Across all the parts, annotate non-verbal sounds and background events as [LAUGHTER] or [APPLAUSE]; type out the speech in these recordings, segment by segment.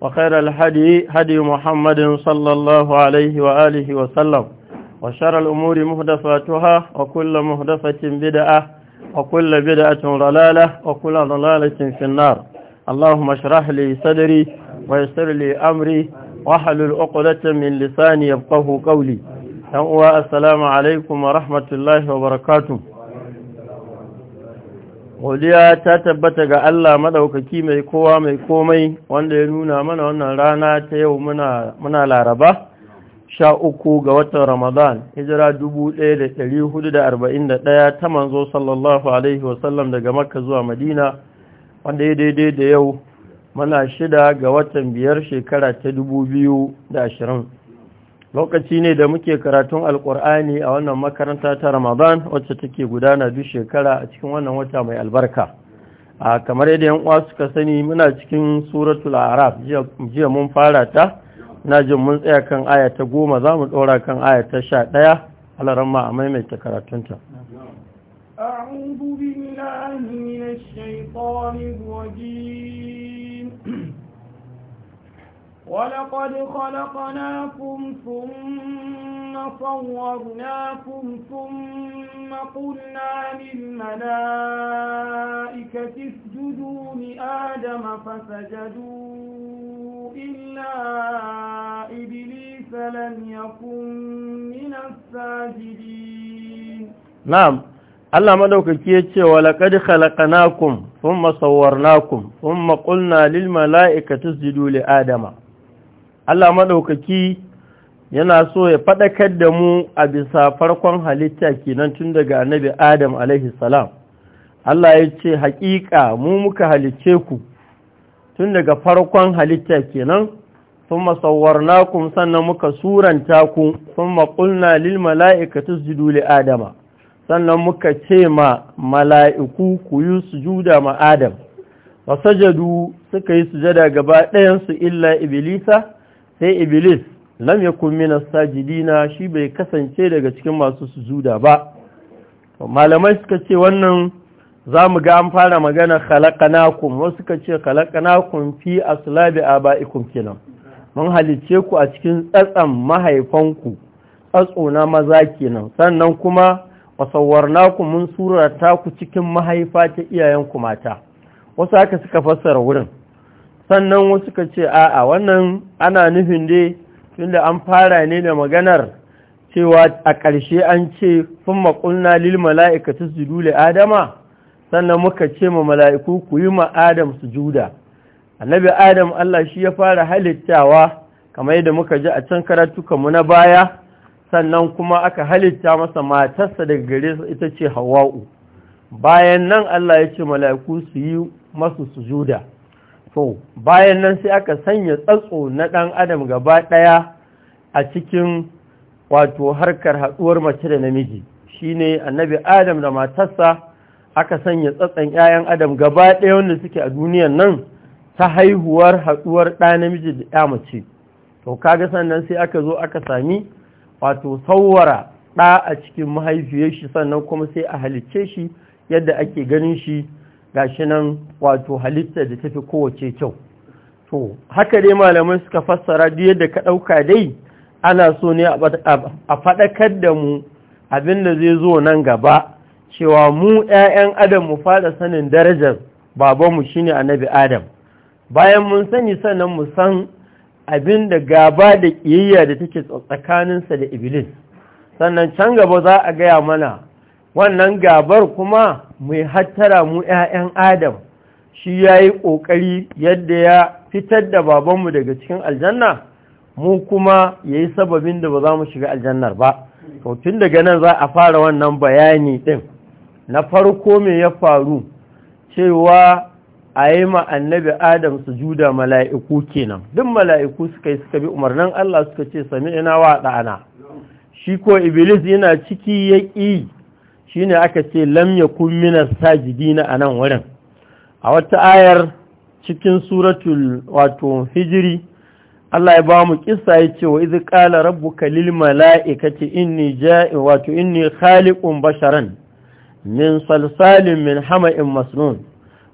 وخير الهدي هدي محمد صلى الله عليه وآله وسلم وشر الأمور مهدفاتها وكل مهدفة بدعة وكل بدعة ضلالة وكل ضلالة في النار اللهم اشرح لي صدري ويسر لي أمري واحلل عقدة من لساني يفقه قولي السلام عليكم ورحمة الله وبركاته godiya ta tabbata ga Allah madaukaki mai kowa mai komai wanda ya nuna mana wannan rana ta yau muna laraba sha uku ga watan ramadan hijira 1441 ta manzo sallallahu alaihi wasallam daga makka zuwa madina wanda ya daidai da yau muna shida ga watan biyar shekara ta 2020. lokaci ne da muke karatun alkur'ani a wannan makaranta ta ramadan wacce take gudana duk shekara a cikin wannan wata mai albarka a kamar yadda yan uwa suka sani muna cikin suratul araf jiya mun fara ta na jin mun tsaya kan aya ta goma za mu ɗora kan aya ta sha ɗaya alaran a maimaita karatunta أعوذ بالله من الشيطان الرجيم ولقد خلقناكم ثم صورناكم ثم قلنا للملائكة اسجدوا لآدم فسجدوا إلا إبليس لم يكن من الساجدين نعم Allah madaukaki ya ce wa laqad khalaqnakum thumma sawwarnakum thumma qulna lil mala'ikati isjudu li adama Allah maɗaukaki yana so ya faɗakar da mu a bisa farkon halitta kenan tun daga annabi Adam alaihi salam Allah ya ce haƙiƙa mu muka halicce ku tun daga farkon halitta kenan sun nakun sannan muka suranta ku sun maƙulna lil mala'ikatu su li Adama sannan muka ce ma mala'iku ku yi su juda ma Adam jadu suka yi sujada gaba ɗayansu illa Iblisa sai iblis lam yakun min as-sajidina shi bai kasance daga cikin masu sujuda ba malamai suka ce wannan zamu ga an fara magana khalaqnakum wasu suka ce khalaqnakum fi aslabi abaikum kinan mun halice ku a cikin tsatsan mahaifanku tsatsona maza kenan sannan kuma ku mun surata ku cikin mahaifa ta ku mata wasu haka suka fassara wurin sannan wasu ka ce a'a wannan ana nufin dai tunda an fara ne da maganar cewa a ƙarshe an ce sun maƙulna lil mala'ikatu su dule adama sannan muka ce ma mala'iku ku yi ma adam su juda annabi adam Allah shi ya fara halittawa kamar yadda muka ji a can karatukanmu na baya sannan kuma aka halitta masa matarsa daga gare su ita ce hawa'u bayan nan Allah ya ce mala'iku su yi masu sujuda to bayan nan sai aka sanya tsatso na ɗan adam gaba ɗaya a cikin wato harkar haɗuwar mace da namiji shi shine annabi adam da matarsa aka sanya tsatsan 'ya'yan adam gaba ɗaya wanda suke a duniyan nan ta haihuwar haɗuwar ɗa namiji da ɗa mace to kaga sannan sai aka zo aka sami wato sauwara ɗa a cikin mahaifiyar shi sannan kuma sai a halicce shi yadda ake ganin shi gashi nan wato halitta da tafi kowace kyau to haka dai malamai suka fassara duk yadda ka ɗauka dai ana so ne a faɗakar da mu abin da zai zo nan gaba cewa mu 'ya'yan adam mu fara sanin darajar babanmu shine annabi adam bayan mun sani sannan mu san abin da gaba da ƙiyayya da take tsakaninsa da iblis sannan can gaba za a gaya mana wannan gabar kuma mai hattara mu 'ya'yan adam shi ya yi ƙoƙari yadda ya fitar da babanmu daga cikin aljanna mu kuma ya yi sababin da ba za mu shiga aljannar ba tun daga nan za a fara wannan bayani ɗin na farko mai ya faru cewa a yi ma'annabi adam su juda mala'iku kenan duk mala'iku suka yi suka bi umarnin Allah suka ce sami ina wa ɗana shi ko iblis yana ciki ya ƙi shine aka ce lam yakun minas sajidina nan wurin a wata ayar cikin suratul wato hijiri Allah ya ba mu kissa ya ce wa izi ƙala rabbuka lil mala'ikati inni ja'i wato inni khaliqun basharan min salsalin min hama'in masnun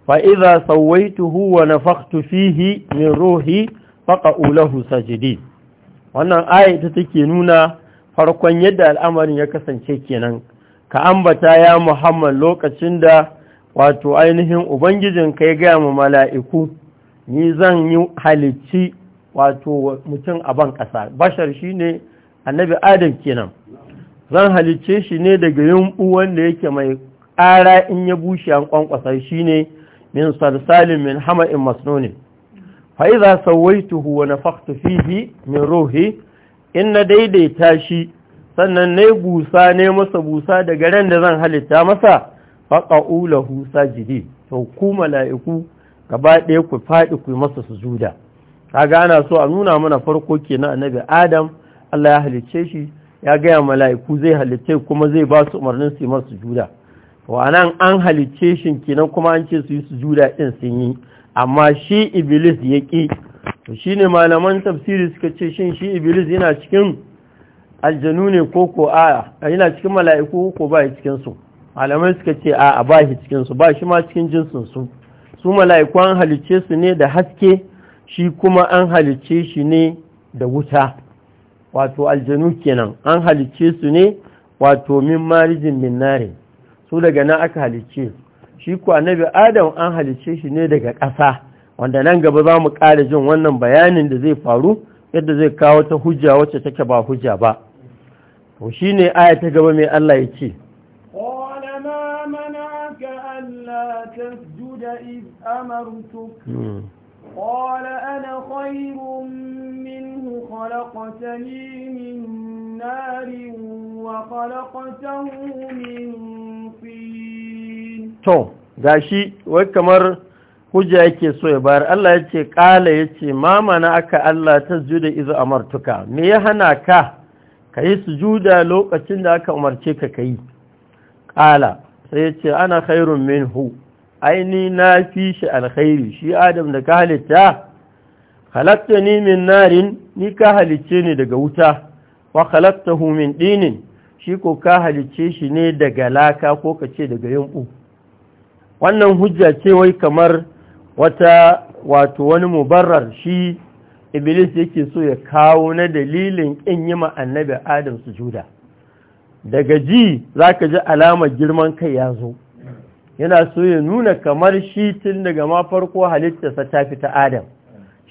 fa sauwaitu sawaituhu wa nafakhtu fihi min ruhi faka lahu sajidin wannan aya ta take nuna farkon yadda al'amarin ya kasance kenan ka ambata ya muhammad lokacin da wato ainihin ubangijin ka ya gaya mu mala'iku ni zan yi halicci wato mutum a ban ƙasa bashar shi ne annabi adam kenan zan halicce shi ne daga yumbu wanda yake mai ƙara in ya bushe an ƙwanƙwasa shi ne min salsalin min hama'in masnonin fa'iza sauwaituhu wa nafakhtu fihi min ruhi in na daidaita shi sannan na busa ne masa busa daga ran da zan halitta masa faƙa'u lahu sajidi to ku mala'iku gaba ɗaya ku faɗi ku masa sujuda kaga ana so a nuna mana farko kenan annabi Adam Allah ya halicce shi ya gaya mala'iku zai halicce kuma zai ba su umarnin su yi masa sujuda to anan an halicce shi kenan kuma an ce su yi sujuda din sun yi amma shi Iblis ya ƙi to shine malaman tafsiri suka ce shin shi Iblis yana cikin aljanu ne ko ko a yana cikin mala'iku ko ba cikin su malamai suka ce a ba shi cikin ba shi ma cikin jinsin su su mala'iku an halice su ne da haske shi kuma an halice shi ne da wuta wato aljanu kenan an halice su ne wato min marijin min nare su daga nan aka halice shi na annabi adam an halice shi ne daga ƙasa wanda nan gaba za mu ƙara jin wannan bayanin da zai faru yadda zai kawo ta hujja wacce take ba hujja ba to shine aya ta gaba mai Allah ya ce qala ma mana'aka alla tasjuda id amartuk قال أنا خير منه خلقتني من نار gashi wai kamar hujja yake so ya bayar Allah yace kala yace ma mana aka Allah tasjuda izu amartuka me ya hana ka ka yi sujuda lokacin da aka umarce ka ka yi ƙala sai ce ana khairun min hu aini na fi shi alkhairi shi adam da ka halitta halatta ni min narin ni ka halicce ni daga wuta wa halatta hu min ɗinin shi ko ka halicce shi ne daga laka ko ka ce daga yanku wannan hujja ce wai kamar wata wato wani mubarar shi iblis yake so ya kawo na dalilin ƙin yi annabi adam sujuda daga ji za ka ji alamar girman kai ya zo yana so ya nuna kamar shi tun daga ma farko halittarsa ta fi ta adam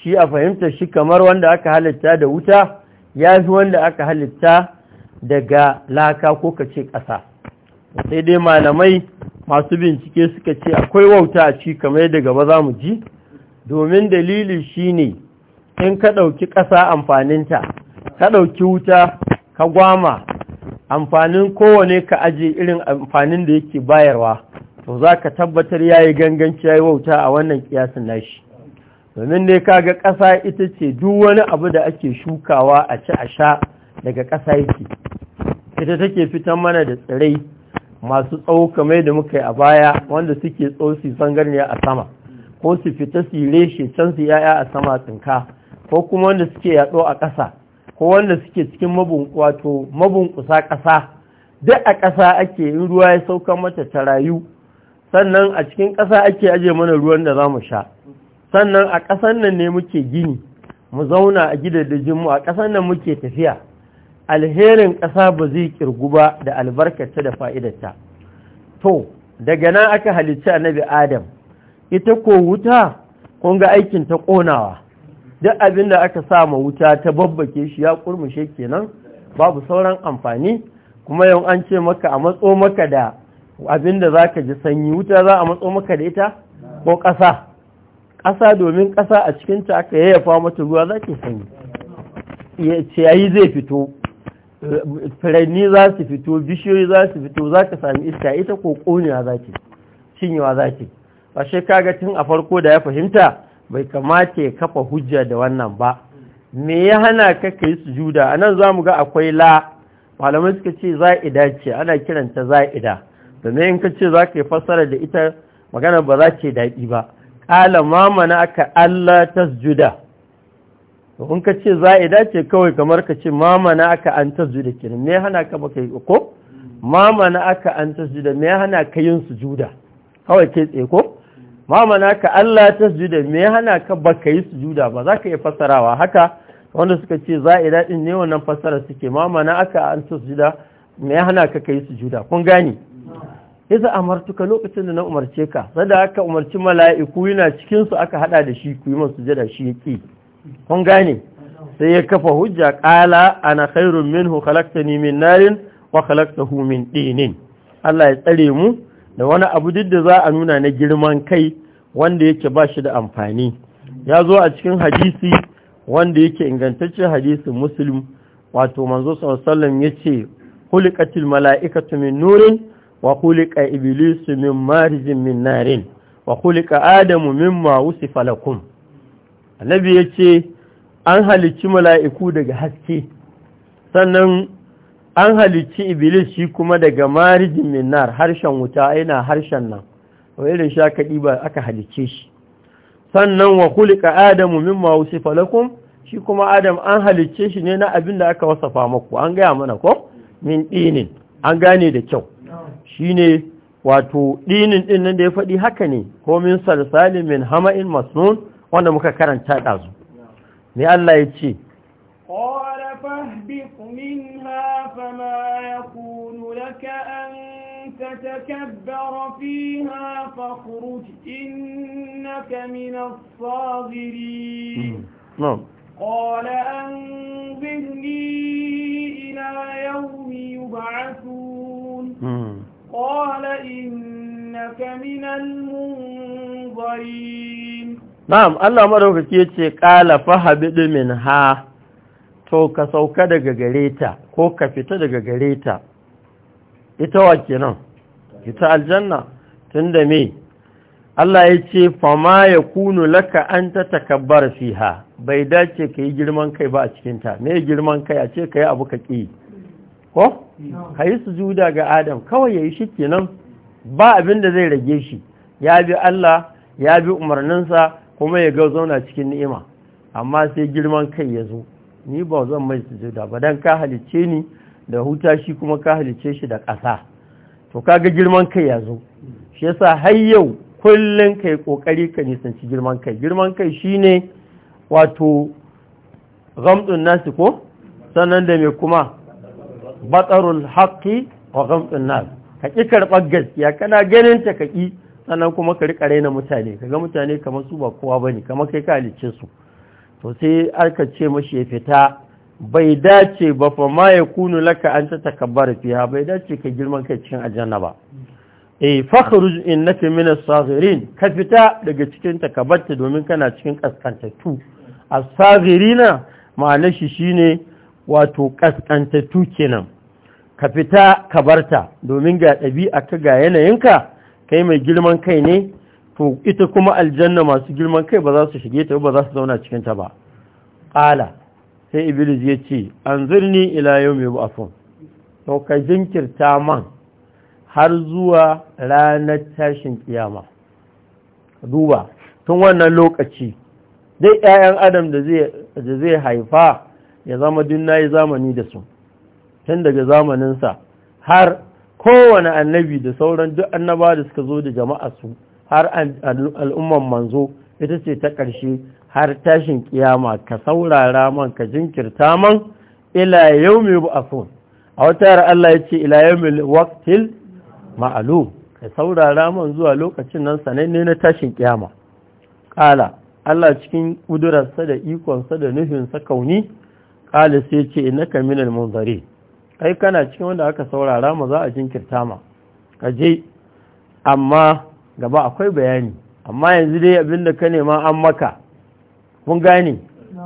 shi a fahimtar shi kamar wanda aka halitta da wuta ya fi wanda aka halitta daga laka ko kace ƙasa sai dai malamai masu bincike suka ce akwai wauta a ci kamar yadda gaba za mu ji domin dalili shi ne. in ka ɗauki ƙasa amfaninta ka ɗauki wuta ka gwama amfanin kowane ka ajiye irin amfanin da yake bayarwa to za ka tabbatar ya yi ganganci ya yi wauta a wannan ƙiyasin nashi domin dai ga ƙasa ita ce duk wani abu da ake shukawa a ci a sha daga ƙasa yake ita take fitan mana da tsirai masu tsawo kamar da muka yi a baya wanda suke tsosi ne a sama ko su fita su yi reshe can su yaya a sama tsinka ko kuma wanda suke yaɗo a ƙasa ko wanda suke cikin wato mabunkusa ƙasa duk a ƙasa ake in ruwa ya sauka mata ta rayu sannan a cikin ƙasa ake aje mana ruwan da za mu sha sannan a ƙasan nan ne muke gini mu zauna a gidajen mu, a ƙasan nan muke tafiya alherin ƙasa ba zai ƙirgu ba da albarkata da fa'idata. to daga nan aka halicci annabi adam ita ko wuta kun ga aikin ta ƙonawa duk abin da aka sa ma wuta ta babbake shi ya kurmushe kenan babu sauran amfani kuma yau an ce maka a matso maka da abin da za ka ji sanyi wuta za a matso maka da ita ko ƙasa ƙasa domin ƙasa a cikinta aka yayyafa mata ruwa za ke sanyi ciyayi zai fito firanni za su fito bishiyoyi za su fito za ka sami iska ita ko ƙonewa za ke cinyewa za ke ba shi kaga tun a farko da ya fahimta bai kamata ya kafa hujja da wannan ba me ya hana ka kai sujuda anan mu ga akwai la malamai suka ce za'ida ce ana kiranta za'ida domin in ka ce za ka yi fassara da ita magana ba za ce daɗi ba ƙala mamana aka Allah tasjuda in ka ce za'ida ce kawai kamar ka ce mamana aka an tasjuda ke me hana ka ba kai yi ko mamana aka an tasjuda me hana ka yin sujuda kawai ke tsaye ko mamana ka Allah ta sujuda me hana ka baka yi sujuda ba za ka iya fassarawa haka wanda suka ce a daɗin ne wannan fasara suke mamana aka an ta sujuda me hana ka yi sujuda kun gani yasa amartuka lokacin da na umarce ka sada aka umarci mala'iku yana cikin su aka hada da shi ku yi masa sujuda shi yake kun gani sai ya kafa hujja qala ana khairun minhu khalaqtani min narin wa khalaqtahu min dinin Allah ya tsare mu da wani abu duk da za a nuna na girman kai wanda yake ba shi da amfani ya zo a cikin hadisi wanda yake ingantaccen hadisin muslim wato manzo sallam ya ce hulikatil mala'ikatu min nurin wa hulika iblisu min marijin min narin wa hulika adamu min wusifa falakun annabi yace ce an halicci mala'iku daga haske sannan an halicci iblis shi kuma daga marijin min nar harshen wuta yana harshen nan wairin shakaɗi ba aka halicce shi sannan wa kulika adamu mimma wusifa falakun? shi kuma adam an halicce shi ne na abin da aka wasafa maku an gaya mana ko min ɗinin. an gane da kyau shine wato dinin din nan da ya faɗi haka ne ko min salsalin min hama'in masnun wanda muka karanta ɗazu ne Allah ya ce قال فاهبط منها فما يكون لك أن تتكبر فيها فاخرج إنك من الصاغرين نعم قال أنظرني إلى يوم يبعثون قال إنك من المنظرين نعم الله مروك كيتي قال فهبد منها to ka sauka daga gare ta ko ka fita daga gare ta ita wa kenan Kita aljanna tun da me Allah ya ce fama ya kunu laka an ta takabbar fiha bai dace ka yi girman kai ba a cikinta me girman kai a ce ka yi abu ka ƙi ko? ka yi su juda ga adam kawai ya yi shi kenan ba abin da zai rage shi ya bi Allah ya bi umarninsa kuma ya ga zauna cikin ni'ima amma sai girman kai ya zo ni ba zan mai su juda ba don ka halicce ni da huta shi kuma ka halicce shi da ƙasa to kaga girman kai ya zo shi yasa har yau kullum kai kokari ka nisanci girman kai girman kai shine wato gamdun nasi ko sannan da mai kuma batarul haqqi wa ghamdun nas kaki karbar gaskiya kana ganin ta ka kaki sannan kuma ka rika raina mutane kaga mutane kamar su ba kowa bane kamar kai ka halicce su to sai aka ce mashi ya fita bai dace ba fa ma ya kunu laka an ta takabbar fiha bai dace ka girman kai cikin aljanna ba eh fakhruj innaka min as-saghirin ka fita daga cikin takabbarta domin kana cikin kaskantattu as-saghirina ma'ana shi shine wato kaskantattu kenan ka fita ka barta domin ga ɗabi'a ka ga yanayinka kai mai girman kai ne to ita kuma aljanna masu girman kai ba za su shige ta ba za su zauna cikin ta ba qala sai iblis ya ce an zirni ila yau mai bu'afon to ka jinkirta man har zuwa ranar tashin kiyama duba tun wannan lokaci dai 'ya'yan adam da zai haifa ya zama dunna yi zamani da su tun daga zamaninsa har kowane annabi da sauran duk annaba da suka zo da jama'a su har al'umman manzo ita ce ta ƙarshe har tashin kiyama ka saurara man ka jinkirta man ila yaumi bu'athun a wata yar Allah yace ila yaumi waqtil ma'lum ka saurara man zuwa lokacin nan sananne na tashin kiyama kala Allah cikin kudurarsa da ikonsa da nufinsa kauni kala sai yace innaka minal munzari kai kana cikin wanda aka saurara ma za a jinkirta ma ka je amma gaba akwai bayani amma yanzu dai abinda ka nema an maka mun gane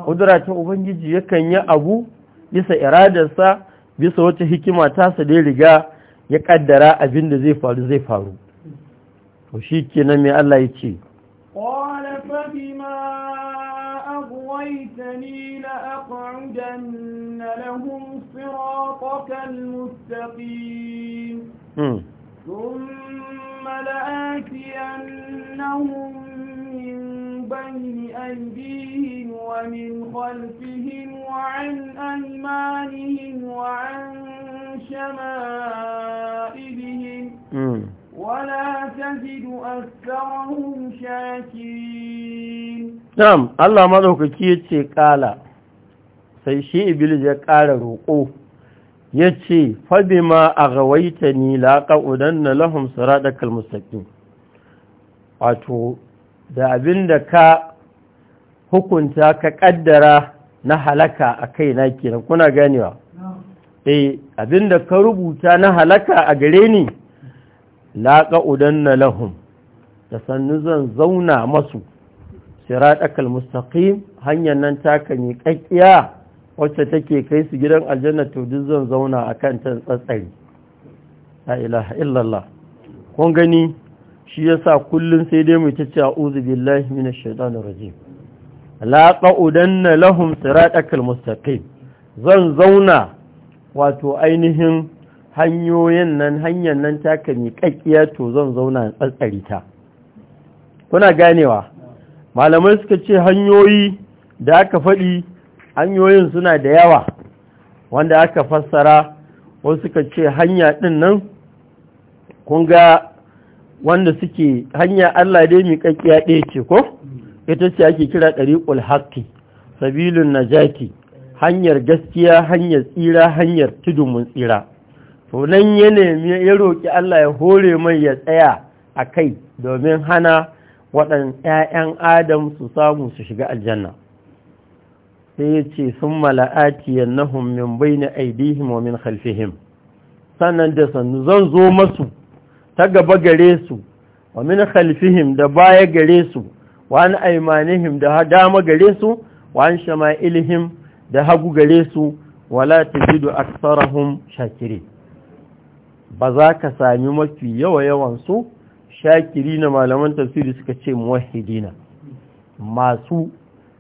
ƙudura ta ubangiji yakan yi abu bisa iradarsa bisa wata hikima tasa dai riga ya kaddara abin da zai faru zai faru to shi ke nan mai Allah ya ce ثم لآتينهم بين أيديهم ومن خلفهم وعن أيمانهم وعن شمائلهم ولا تجد أكثرهم شاكرين نعم الله ماذا كيتي قال sai shi iblis ya ƙara roƙo ya ce faɗi ma a gawaita ni laƙa'udan na lahun siraɗakal mustaƙi wato da abin da ka hukunta ka kaddara na halaka a kai na kenan kuna ganewa eh abin da ka rubuta na halaka a gare ni laqa udanna lahum da sannu zan zauna masu siratakal mustaqim hanyar nan taka yi kakkiya wacce take kai su gidan aljanna to duk zan zauna akan ta tsatsari la ilaha illallah kun gani shi ya sa kullum sai dai mu tace a'udhu billahi minash shaitanir rajim la na lahum zan zauna wato ainihin hanyoyin nan hanyar nan taka mi ƙaƙƙiya to zan zauna tsatsari ta kuna ganewa malamai suka ce hanyoyi da aka faɗi hanyoyin suna da yawa wanda aka fassara wasu suka ce hanya ɗin nan kun ga wanda suke hanya Allah dai kakkiya ɗaya ce ko ita ce ake kira ɗariƙul haƙƙi sabilun najati hanyar gaskiya hanyar tsira hanyar tudumin tsira to nan ya nemi ya roƙi Allah ya hore mai ya tsaya a kai domin hana waɗan ‘ya'yan adam su samu su shiga aljanna sai ya ce sun mala'ati yannan min bai na aidihim wa min khalfihim sannan da sannu zan zo masu ta gaba gare su wa min khalfihim da baya gare su wa an aymanihim da dama gare su wa an shama'ilihim da hagu gare su wala tajidu aktsarahum shakirin ba za ka sami mafi yawa yawan su shakiri na malaman tafsiri suka ce muwahidina masu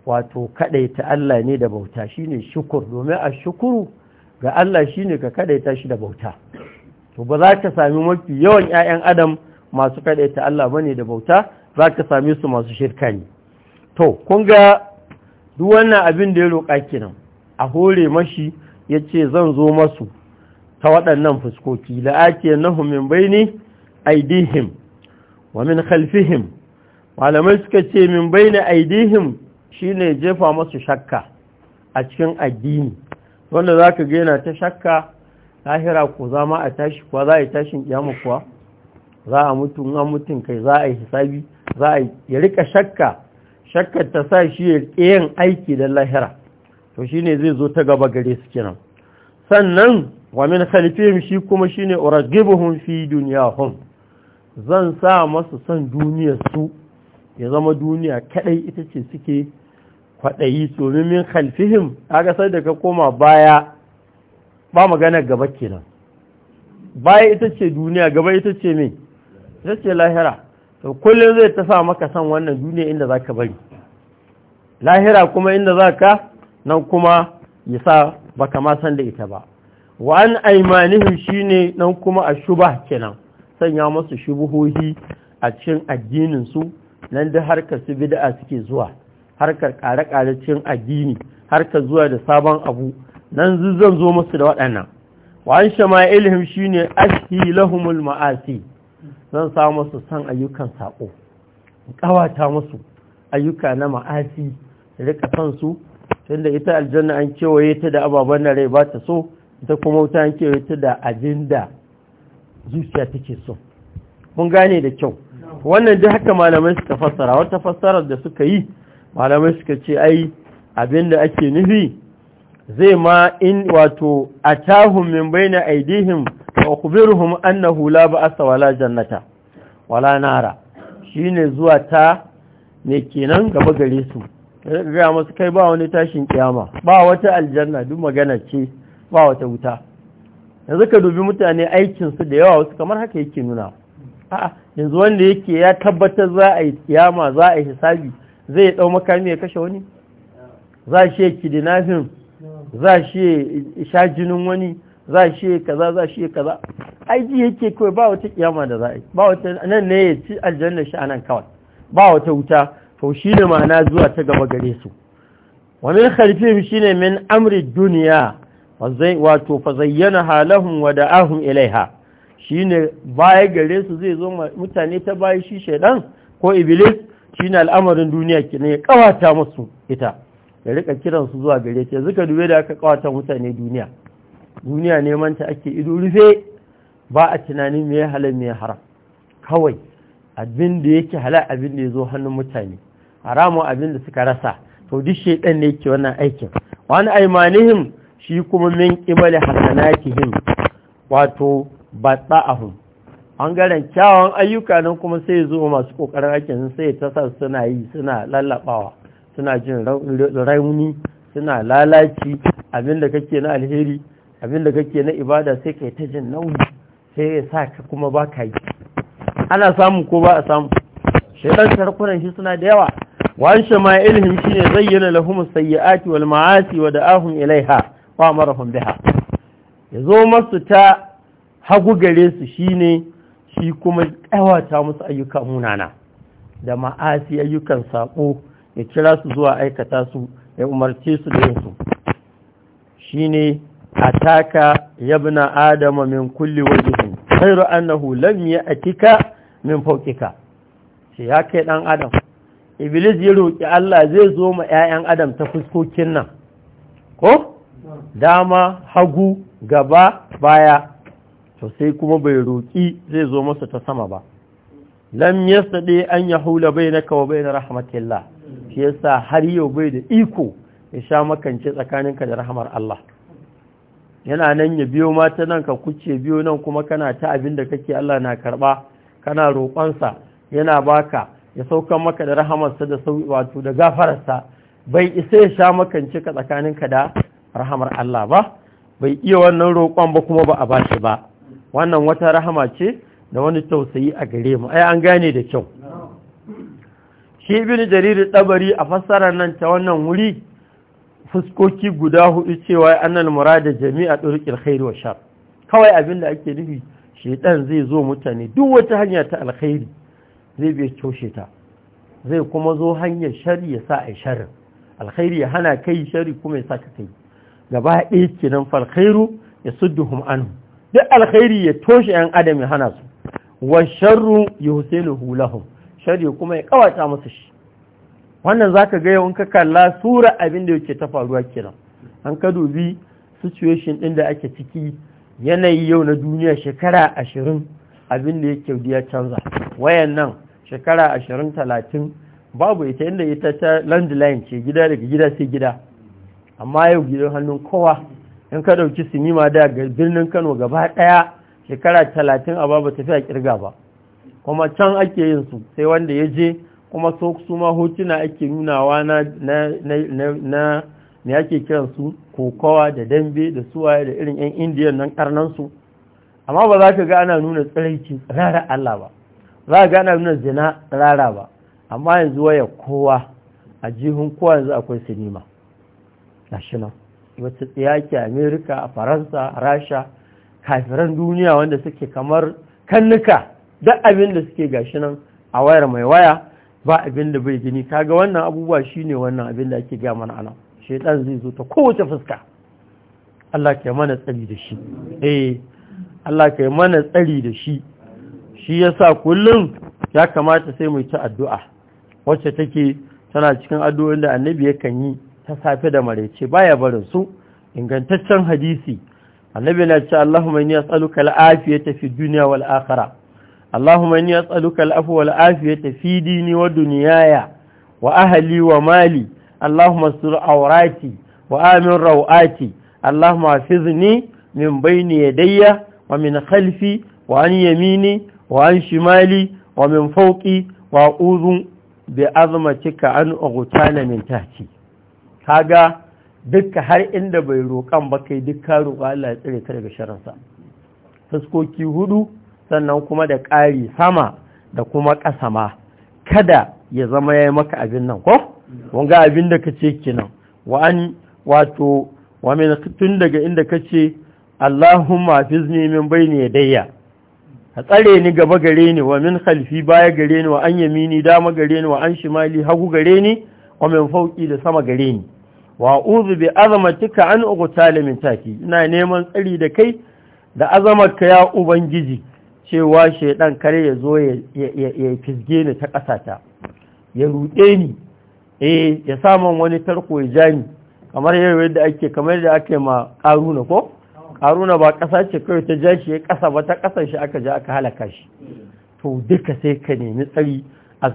wato kadaita Allah ne da bauta shine shukur domin a shukuru ga Allah shine ka kadaita shi da bauta to ba za ka sami mafi yawan 'ya'yan adam masu kaɗaita Allah bane da bauta za ka sami su masu shirka ne to kun ga duk wannan abin da ya roƙa kinan a hore mashi ya ce zan zo masu ta waɗannan fuskoki da ake nahum min baini aidihim wa min khalfihim malamai suka ce min baini aidihim shine jefa masu shakka a cikin addini wanda zaka ga yana ta shakka lahira ko za ma a tashi kuwa za a yi tashin kyamu kuwa za a mutu in mutum kai za a yi hisabi za a yi rika shakka shakka ta sa shi ya yin aiki da lahira to shi ne zai zo ta gaba gare su kenan sannan wa min shi kuma shi shine uragibuhum fi duniya hun zan sa masu son duniyar su ya zama duniya kadai ita ce suke kwaɗayi domin min a kaga sai da ka koma baya ba magana gaba kenan baya ita ce duniya gaba ita ce mai ita ce lahira to kullum zai ta sa maka san wannan duniya inda za ka bari lahira kuma inda za ka nan kuma ya sa baka kama san da ita ba wa aimanihu shi ne nan kuma a shuba kenan sanya masu shubuhohi a cin addininsu nan da harkar su bid'a suke zuwa harkar kare-kare cin addini harkar zuwa da sabon abu nan zan zo musu da waɗannan wa'an shama'ilhim shi ne ashi lahumul ma'asi zan sa musu san ayyukan saƙo ƙawata musu ayyuka na ma'asi da rika san su tunda ita aljanna an kewaye ta da ababen na rai ba ta so ita kuma wuta an kewaye ta da abin da zuciya take so mun gane da kyau wannan da haka malamai suka fassara wata fassarar da suka yi malamai suka ce ai abin da ake nufi zai ma in wato a tahun min baina aidihim wa na hula la ba'sa wala jannata wala nara shine zuwa ta ne kenan gaba gare su ga masu kai ba wani tashin kiyama ba wata aljanna duk magana ce ba wata wuta yanzu ka dubi mutane aikinsu da yawa wasu kamar haka yake nuna a'a yanzu wanda yake ya tabbatar za a yi kiyama za a yi hisabi zai dau makami ya kashe wani za shi yake dinafin za shi sha jinin wani za shi kaza za shi kaza aiki yake kawai ba wata kiyama da za a yi ba wata nan ne ya ci aljanna shi anan kawai ba wata wuta to shi ne ma'ana zuwa ta gaba gare su wani min shi ne min amri duniya, wato fa zayyana halahum wa da'ahum ilaiha Shi ne baya gare su zai zo mutane ta bayi shi shaidan ko iblis shine al'amarin duniya ke ne ya kawata musu ita ya rika kiran su zuwa gare ta zuka dube da aka kawata mutane duniya duniya neman ta ake ido rufe ba a tunanin me halal me haram kawai abin da yake halal abin da ya zo hannun mutane haramun abin da suka rasa to duk shedan ne yake wannan aikin wani aimanihim shi kuma min qibali hasanatihim wato bata'ahum bangaren kyawun ayyuka nan kuma sai zo masu kokarin aikin sai ta sa suna yi suna lallabawa suna jin rauni suna lalaci abinda kake na alheri abinda kake na ibada sai kai ta jin nauyi sai ya sa ka kuma ba ka yi ana samu ko ba a samu shaidan sarkunan shi suna da yawa ilhim shi shine zayyana lahum sayyi'ati wal ma'asi wa da'ahum ilaiha wa amarahum biha yazo masu ta hagu gare su shine shi kuma kawata musu ayyuka munana da ma'asi ayyukan sako ya kira su zuwa aikata su ya umarci su da yinsu shi ne a taka yabna adama min kulli wajihin khairu annahu lam ya'tika min faukika shi ya kai ɗan adam iblis ya roki Allah zai zo ma yayan adam ta fuskokin nan ko dama hagu gaba baya to sai kuma bai roƙi zai zo masa ta sama ba lam yastadi an yahula bainaka wa bain rahmatillah shi yasa har yau bai da iko ya sha makance tsakaninka da rahamar Allah yana nan ya biyo mata nan ka kuce biyo nan kuma kana ta abin da kake Allah na karba kana roƙonsa yana baka ya saukan maka da rahamarsa da sauki wato da gafararsa bai isa ya sha makance ka tsakaninka da rahamar Allah ba bai iya wannan roƙon ba kuma ba a bashi ba wannan wata rahama ce da wani tausayi a gare mu ai an gane da kyau shi bin jariri tabari a fassarar nan ta wannan wuri fuskoki guda hudu cewa annal murada jami'a turqil khair wa shar kawai abin da ake nufi ɗan zai zo mutane duk wata hanya ta alkhairi zai bi toshe ta zai kuma zo hanyar shari ya sa ai sharri alkhairi ya hana kai shari kuma ya sa ka kai gaba ɗaya kenan fal khairu yasudduhum anhu duk alkhairi ya toshe yan adam ya hana su wa sharru yuhsiluhu lahum shari kuma ya kawata musu shi wannan zaka ga yawan ka kalla sura abin da yake ta faruwa kenan an ka dubi situation ɗin da ake ciki yanayi yau na duniya shekara ashirin abin da yake ya canza Wayannan shekara ashirin talatin babu ita inda ita ta landline ce gida daga gida sai gida amma yau gidan hannun kowa in ka ɗauki sinima da birnin kano gaba ɗaya shekara talatin a babu tafiya kirga ba kuma can ake yin su sai wanda ya je kuma su ma hotuna ake nunawa na na ne ake kiransu kokowa da dambe da suwaye da irin 'yan indiya nan karnansu amma ba za ka ga ana nuna tsiraici rara Allah ba za ka ga ana nuna zina rara ba amma yanzu waya kowa a jihun kowa yanzu akwai sinima national wata tsayaki amerika a faransa rasha kafiran duniya wanda suke kamar kannuka duk abin da suke gashi nan a wayar mai waya ba abin da bai gini kaga wannan abubuwa shine wannan abin da ake ga mana ana shaitan zai zo ta kowace fuska Allah ka mana tsari da shi eh Allah ka mana tsari da shi shi yasa kullum ya kamata sai mu ci addu'a wacce take tana cikin addu'o'in da annabi yakan yi ta safe da maraice baya barin su ingantaccen hadisi annabi na ce Allahumma inni as'aluka al-afiyata fi dunya wal akhirah Allahumma inni as'aluka al'afwa wal afiyata fi dini wa dunyaya wa ahli wa mali Allahumma sur awrati wa amin rawati Allahumma hafizni min bayni yadayya wa min khalfi wa an yamini wa an shimali wa min fawqi wa a'udhu bi azmatika an ughtala min tahti kaga duka har inda bai roƙan ba kai duk ka roƙa Allah ya tsare ka daga sharrinsa fuskoki hudu sannan kuma da ƙari sama da kuma ƙasa ma kada ya zama ya yi maka abin nan ko wanga abin da kace kenan nan? wa'an wato wa min tun daga inda ka kace Allahumma fizni min ya dayya? a tsare ni gaba gare ni wa min khalfi baya gare ni wa an yamini dama gare ni wa an shimali hagu gare ni wa min fauki da sama gare ni wa uzu bi azamatika an ugutala min taki ina neman tsari da kai da azamarka ya ubangiji cewa shaidan kare ya zo ya fisge ni ta ƙasata ya ruɗe ni eh ya samun wani tarko ya jami kamar yadda ake kamar yadda ake ma ƙaruna ko ƙaruna ba ƙasa ce kawai ta ja shi ya ƙasa ba ta ƙasan shi aka ja aka halaka shi to duka sai ka nemi tsari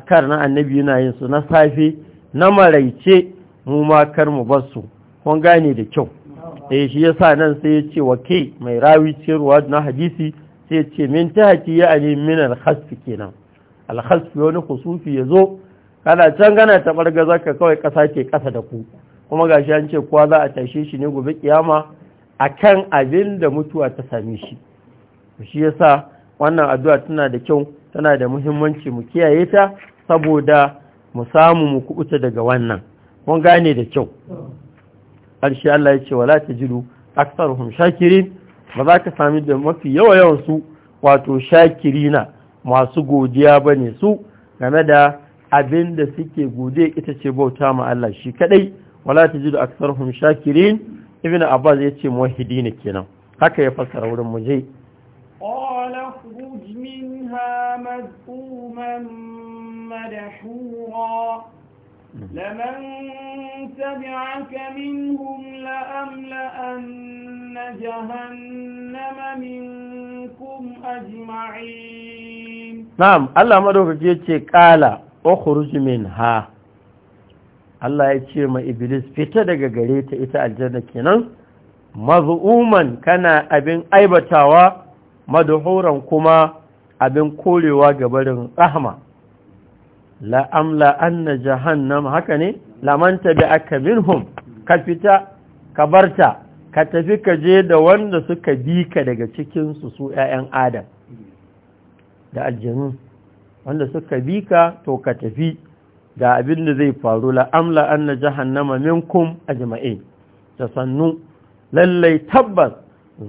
kar na annabi yana yin su na safe na maraice mu ma kar mu bar su kun gane da kyau eh shi yasa nan sai ya ce wa ke mai rawi ciyarwa na hadisi sai ce min tahti ya ani min al kenan al wani kusufi yazo kana can gana ta za ka kawai ƙasa ke kasa da ku kuma gashi an ce kowa za a tashe shi ne gobe kiyama akan abin da mutuwa ta same shi shi yasa wannan addu'a tana da kyau tana da muhimmanci mu kiyaye ta saboda mu samu mu kubuta daga wannan mun gane da kyau ƙarshe Allah ya ce wala tajidu aktsaruhum shakirin ba za ka sami da mafi yawa yawan su wato shakirina masu godiya ba ne su game da abin da suke gode ita ce bauta ma Allah shi kadai wala ta da aktharuhum shakirin ibnu abbas yace ne kenan haka ya fassara wurin muje qala minha madhuman madhura لمن تبعك منهم لأملأن جهنم منكم أجمعين نعم الله مدوك يتي قال أخرج منها Allah ya ce ma Iblis fita daga gare ta ita aljanna kenan mazu'uman kana abin aibatawa madhuran kuma abin korewa ga barin rahma la'amla anna jahannam haka ne lamanta da aka minhum ka fita ka barta ka tafi ka je da wanda suka bi ka daga cikin su 'ya'yan adam da aljanu wanda suka bi ka to ka tafi Da abin da zai faru la'amla anna jahannama minkum ajma'in da sannu lallai tabbas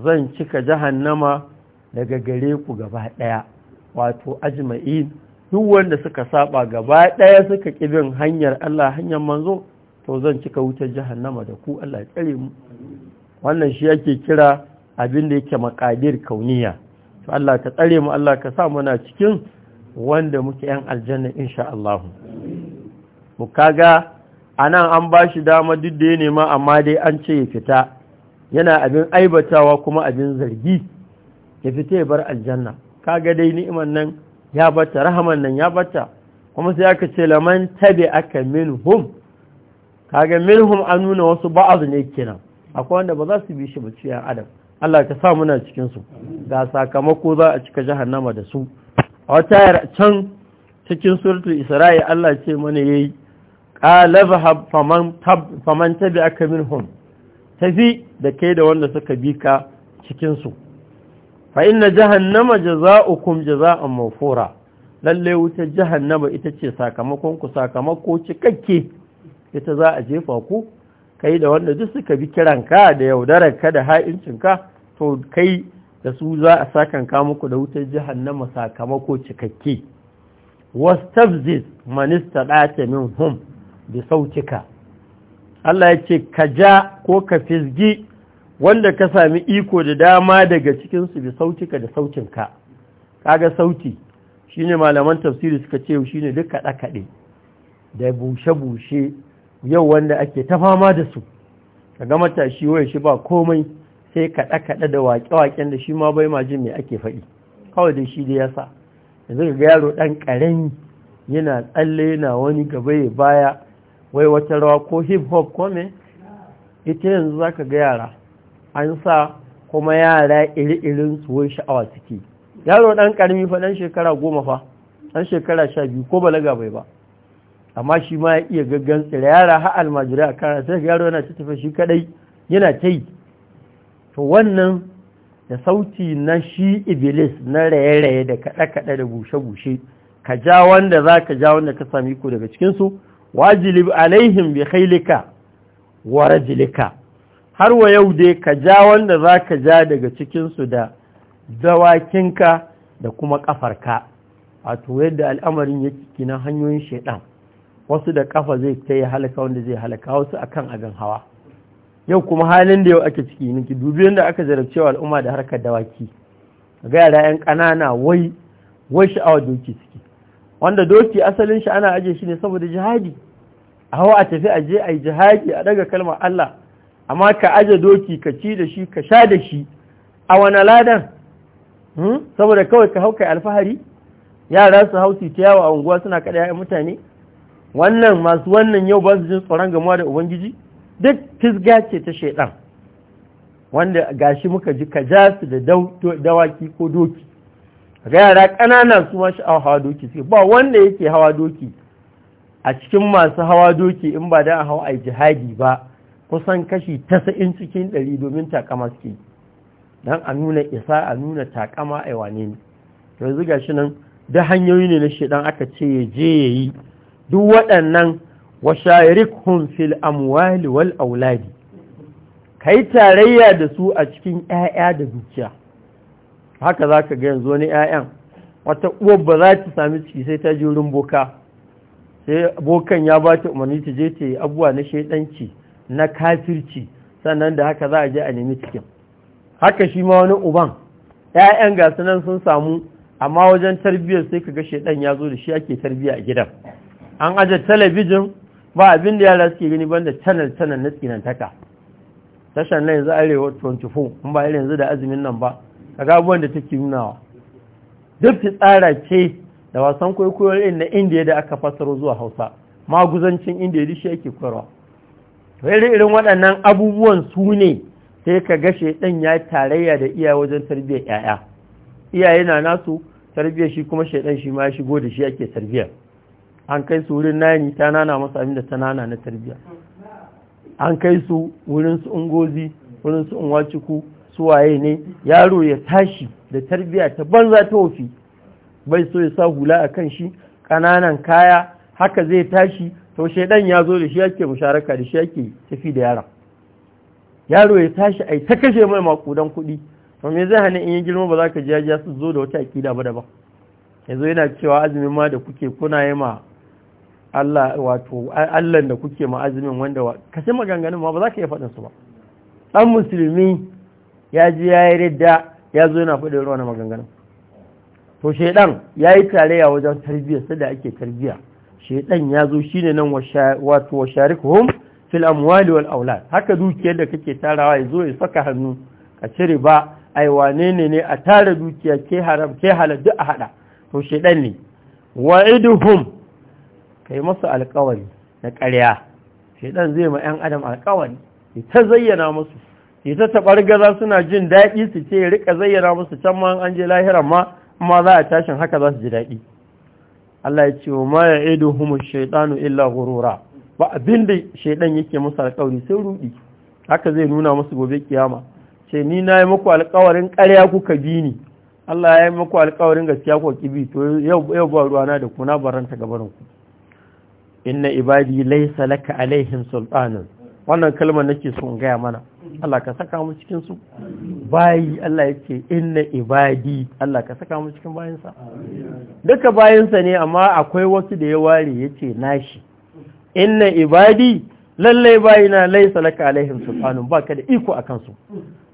zan cika jahannama daga gare ku gaba ɗaya wato ajma'in duk wanda suka saba gaba ɗaya suka bin hanyar Allah hanyar manzo to zan cika wutar jahannama da ku Allah ya tsare mu wannan shi yake kira abin da yake makadir kauniya to Allah ka tsare mu Allah ka sa muna cikin wanda muke yan aljanna insha Allah mu kaga anan an ba shi dama duk da ya nema amma dai an ce ya fita yana abin aibatawa kuma abin zargi ya fita ya bar aljanna kaga dai ni'imar nan ya bata rahaman nan ya bata kuma sai aka ce laman tabi aka minhum kaga minhum an nuna wasu ba'azu ne kenan akwai wanda ba za su bi shi ba yan adam Allah ka sa muna cikin su ga sakamako za a cika jahannama da su a wata can cikin suratul isra'i Allah ce mana yayi qalaba faman faman tabi aka minhum tafi da kai da wanda suka bi ka cikin su fa inna jahannama jaza'ukum jaza'an mawfura lalle wuta jahannama ita ce sakamakon ku sakamako cikakke ita za a jefa ku kai da wanda duk suka bi kiranka da yaudararka da ha'incinka to kai da su za a sakanka muku da wutar jahannama sakamako cikakke wastafziz manista ɗata min hum bi sautika Allah ya ce ka ja ko ka fizgi wanda ka sami iko da dama daga cikinsu bi sautika da Ka kaga sauti shine malaman tafsiri suka ce shine duk kaɗe-kaɗe da bushe-bushe yau wanda ake ta fama da su kaga matashi waya shi ba komai sai kaɗe-kaɗe da waƙe-waƙen da shi ma bai ma jin me ake faɗi kawai da shi da ya sa yanzu ga yaro ɗan ƙarami yana tsalle yana wani gaba ya baya wai wata rawa ko hip hop ko me ita yanzu zaka ga yara an sa kuma yara iri-irin tsohon sha'awa suke yaro ɗan ƙarami fa ɗan shekara goma fa ɗan shekara sha biyu ko balaga bai ba amma shi ma ya iya gaggan tsira yara ha almajirai a kara sai yaro yana ta tafi shi yana ta yi to wannan da sauti na shi iblis na raye-raye da kaɗe-kaɗe da bushe-bushe ka ja wanda za ka ja wanda ka sami ku daga cikinsu wajilib alaihim bi khailika wa har wa yau dai ka ja wanda za ka ja daga cikinsu da dawakinka da kuma ƙafarka wato yadda al'amarin ya ciki na hanyoyin shaidan wasu da ƙafa zai ta yi halaka wanda zai halaka wasu a akan abin hawa yau kuma halin da yau ake ciki niki dubi yadda aka zarabcewa al'umma da harkar dawaki ga yara 'yan ƙanana wai wai sha'awa doki suke wanda doki asalin shi ana ajiye shi ne saboda jihadi a hawa a tafi a je a jihadi a daga kalmar Allah amma ka aje doki ka ci da shi ka sha da shi a wani ladan hmm? saboda kawai ka hau kai alfahari yara su hau su ta yawa a unguwa suna kada ya'yan mutane wannan masu wannan yau ba su jin tsoron gamuwa da ubangiji duk fisga ce ta shaidan wanda gashi muka ji ka ja su da dawaki ko doki ga yara ƙanana su ma sha'awa hawa doki suke ba wanda yake hawa doki a cikin masu hawa doki in ba da hau a jihadi ba kusan kashi tasa'in cikin ɗari domin takama suke don a nuna isa a nuna takama a wane ne yanzu ga shi nan da hanyoyi ne na shaidan aka ce ya je ya yi duk waɗannan wa hun fil amwali wal auladi yi tarayya da su a cikin 'ya'ya da dukiya haka za ka ga yanzu wani 'ya'yan wata uwar ba za ta sami ciki sai ta je wurin boka sai bokan ya ba ta umarni ta je ta yi abubuwa na shaidanci na kafirci sannan da haka za a je a nemi cikin haka shi ma wani uban ‘ya'yan gasu nan sun samu amma wajen tarbiyyar sai ka ga ɗan ya zo da shi ake tarbiyya a gidan an aje talabijin ba abin da yara suke gani banda canal canal na tsinantaka tashar nan yanzu arewa 24 in ba yanzu da azumin nan ba ka ga abubuwan da take nunawa duk tsara ce da wasan kwaikwayo na indiya da aka fasaro zuwa hausa maguzancin indiya yadda shi ake koyarwa to irin waɗannan abubuwan su ne sai ka ga shaiɗan ya tarayya da iyaye wajen tarbiyya yaya iyaye na nasu tarbiyya shi kuma shaidan shi ma shigo da shi ake tarbiyya an kai su wurin nani ta nana masa abin da ta nana na tarbiyya an kai su wurin su ungozi wurin su unwaciku su waye ne yaro ya tashi da tarbiyya ta banza ta wofi bai so ya sa hula a kan shi ƙananan kaya haka zai tashi to shaidan ya zo da shi yake musharaka da shi yake tafi da yaron yaro ya tashi ai ta kashe mai makudan kuɗi to me zai hana in ya girma ba za ka ji ya su zo da wata akida ba daban yanzu yana cewa azumin ma da kuke kuna yi ma Allah wato Allah da kuke ma azumin wanda ka sai maganganun ma ba za ka iya faɗin su ba dan musulmi ya ji ya yi ridda ya zo yana faɗin ruwa na maganganun to shaidan ya yi tarayya wajen tarbiyyar da ake tarbiyya shaidan ya zo shine nan wato wa sharikuhum fil amwali wal aulad haka dukiyar da kake tarawa ya zo ya saka hannu ka cire ba ai wane ne ne a tara dukiya ke haram ke halal duk a hada to shaidan ne wa'iduhum kai masa alƙawari na ƙarya shaidan zai ma 'yan adam alƙawari ta zayyana musu ya ta gaza suna jin daɗi su ce rika zayyana musu can ma an je lahiran ma amma za a tashin haka za su ji daɗi Allah ya ce wa ma ya idu humu shaidanu illa gurura ba abin da shaidan yake musu alƙawari sai rudi haka zai nuna musu gobe kiyama ce ni na yi muku alƙawarin ƙarya kuka bi ni Allah ya yi muku alƙawarin gaskiya ku kibi to yau ba ruwana da ku na baranta gabarin ku inna ibadi laysa laka alaihim sultanan wannan kalmar nake so in gaya mana Allah ka saka mu cikin su bayi Allah ya ce inna ibadi Allah ka saka mu cikin bayansa duka bayansa ne amma akwai wasu da ya ware ya ce nashi inna ibadi lallai bayina laisa laka alaihim sultanun baka da iko akan su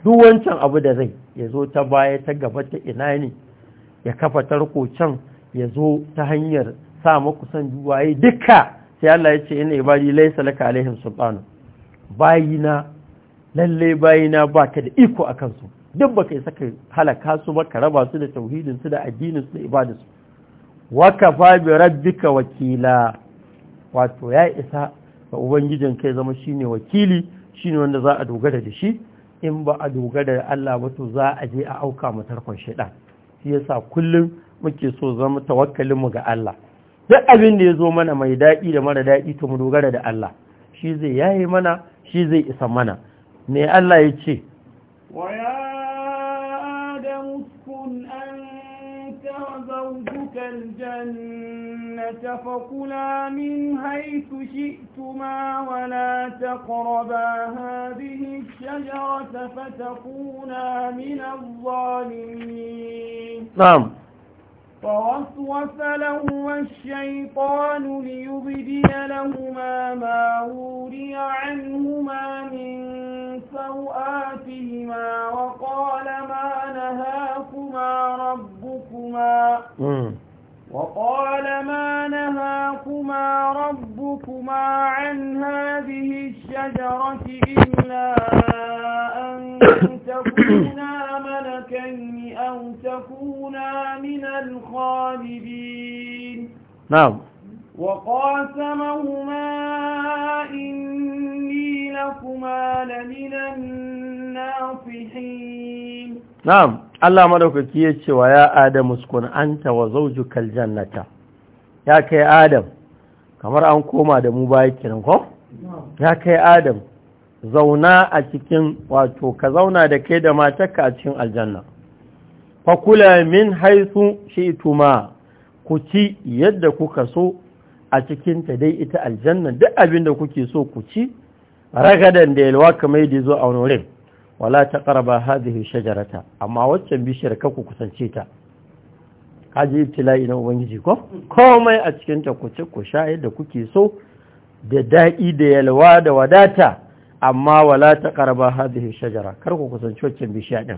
duk wancan abu da zai ya zo ta baya ta gaba ta ina ne ya kafa tarko can ya zo ta hanyar sa maku san duwaye duka sai Allah ya ce inna ibadi laisa laka alaihim sultanun bayina lalle bayina ba ka da iko a kansu duk ba ka isa ka halaka su ba ka raba su da tauhidinsu da addininsu da ibadarsu waka fa bi rabbika wakila wato ya isa ga ubangijin kai zama shine wakili shine wanda za a dogara da shi in ba a dogara da Allah ba to za a je a auka mu tarkon shaitan shi yasa kullum muke so zama tawakkalin mu ga Allah duk abin da ya zo mana mai daɗi da mara daɗi to mu dogara da Allah shi zai yaye mana shi zai isa mana me Allah ya ce wa ya adamu kun anta wa zawjuka aljannata fa kula min haythu shi'tuma wa la taqraba hadhihi ash-shajarata fatakuna min adh-dhalimin na'am فوسوس لهما الشيطان ليبدي لهما ما وري عنهما من سوآتهما وقال ما نهاكما ربكما وقال ما نهاكما ربكما عن هذه الشجرة إلا أن تكونا ملكين أو تكونا من الخالدين نعم وقاسمهما إني لكما لمن الناصحين نعم Allah madaukaki ya ce wa ya Adamu sukun anta wa zawjukal jannata ya kai Adam kamar an koma da mu baya kiran ko ya kai Adam zauna a cikin wato ka zauna da kai da matarka a cikin aljanna fa kula min haythu shi'tuma ku ci yadda kuka so a cikin ta dai ita aljanna duk abin da kuke so ku ci ragadan da yalwa kamar da zo a wurin wala ta taqraba hadhihi shajarata amma waccan bishiyar ka ku kusance ta kaji ibtila'i na ubangiji ko komai a cikin ta ku ci ku sha yadda kuke so da daɗi da yalwa da wadata amma wala ta taqraba hadhihi shajara kar ku kusance waccan bishiya din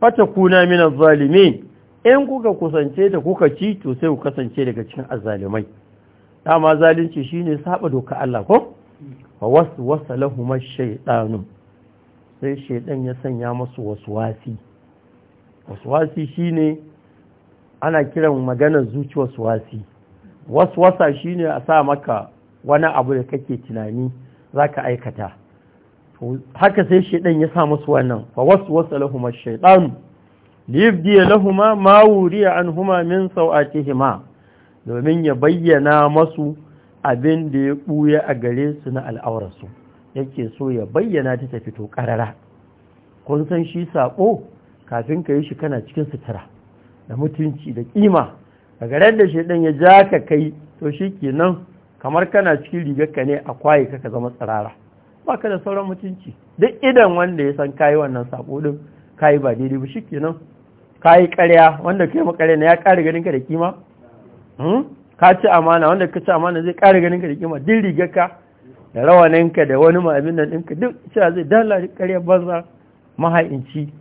wata kuna min zalimin in kuka kusance ta kuka ci to sai ku kasance daga cikin azzalimai dama zalunci shine saba doka Allah ko wa waswasa lahumash sai shaidan ya sanya masu waswasi waswasi shine ana kiran maganar zuci waswasi waswasa shine a sa maka wani abu da kake tunani zaka aikata haka sai shaidan ya sa masu wannan fa waswasa lahum ash-shaytan liyabdi lahum ma wuriya anhuma min sawatihima domin ya bayyana masu abin da ya ɓuya a gare su na al'aurarsu yake so ya bayyana ta fito karara kun san shi saƙo kafin ka yi shi kana cikin sutura da mutunci da ƙima daga garen da shedan ya ja ka kai to shi kenan kamar kana cikin rigar ka ne a kwaye ka zama tsirara ba ka da sauran mutunci duk idan wanda ya san kayi wannan sako din kayi ba daidai ba shi kenan kayi karya wanda kai makarya na ya ƙara ganin ka da kima hmm? ka ci amana wanda ka ci amana zai ƙara ganin ka da ƙima din rigar ka da rawaninka da wani ma'amin nan ɗinka duk cewa zai dala ƙarya banza maha'inci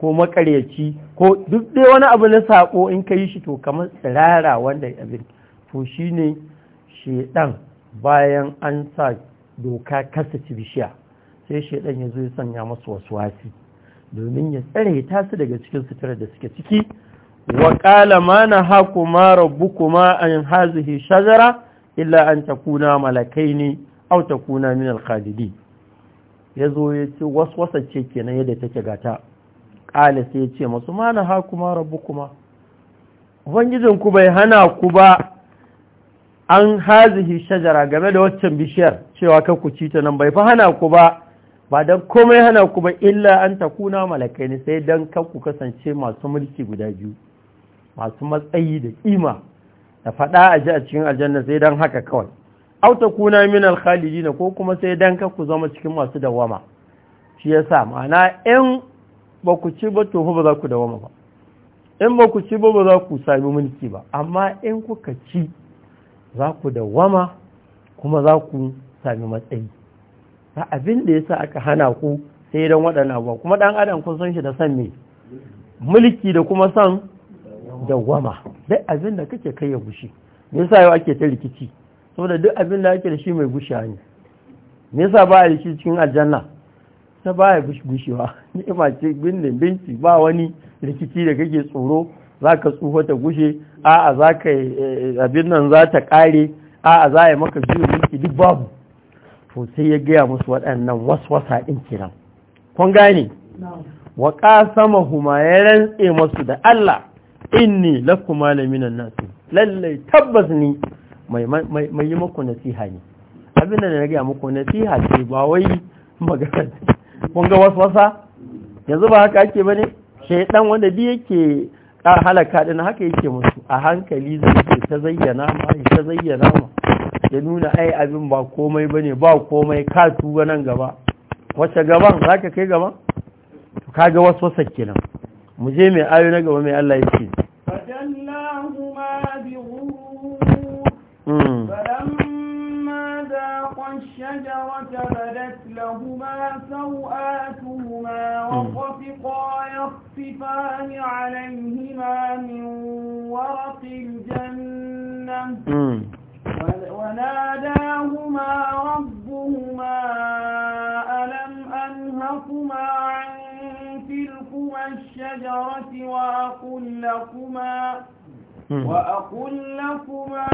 ko makaryaci ko duk dai wani abu na saƙo in ka yi shi to kamar tsirara wanda ya abin to shi ne shaiɗan bayan an sa doka kasa ci bishiya sai shaiɗan ya zo ya sanya masu wasu wasi domin ya tsare ta su daga cikin sutura da suke ciki wa ƙala ma na haku ma rabu kuma an hazihi shagara illa an takuna malakai ne ta takuna min al yazo yace waswasa ce kenan yadda take gata qala sai yace masu mana ha kuma rabbukuma ubangijin ku bai hana ku ba an hazihi shajara game da waccan bishiyar cewa ka ku ci ta nan bai fa hana ku ba ba dan komai hana ku ba illa an ta kuna malakai ne sai dan ka ku kasance masu mulki guda biyu masu matsayi da kima da faɗa a ji a cikin aljanna sai dan haka kawai aw kuna min al ko kuma sai dan ka ku zama cikin masu dawama shi yasa ma'ana in ba ku ci ba to ba za ku dawama ba in ba ku ci ba ba za ku sami mulki ba amma in kuka ci za ku dawama kuma za ku sami matsayi ba abin da yasa aka hana ku sai dan waɗannan ba kuma dan adam kun san shi da san me mulki da kuma san dawama duk abin da kake kai ya gushi me yasa yau ake ta rikici saboda duk abin da ake da shi mai gushewa ne me yasa ba da shi cikin aljanna ta ba ya gushewa ma [LAUGHS] ce bindin binci ba wani rikici da kake tsoro za ka tsufa ta gushe a za ka eh, abin nan za ta kare a'a za a yi maka biyu miki duk babu to sai ya gaya musu waɗannan waswasa ɗin kiran kun gane wa ƙasama huma ya rantse masu da Allah inni lakuma malamin nan nasu lallai tabbas ni mai yi muku nasiha ne abinda da na gaya muku nasiha ce ba wai magana kun ga wasa yanzu ba haka ake bane shaidan wanda bi yake halaka din haka yake musu a hankali zai ta zayyana ma ta zayyana ma ya nuna ai abin ba komai bane ba komai ka tuba nan gaba wacce gaban zaka kai gaba wasu wasa kenan mu je mai ayo na gaba mai Allah ya ce الشجرة بدت لهما سوآتهما وطفقا يخصفان عليهما من ورق الجنة وناداهما ربهما ألم أنهكما عن تلكما الشجرة وأقل لكما وأقول لكما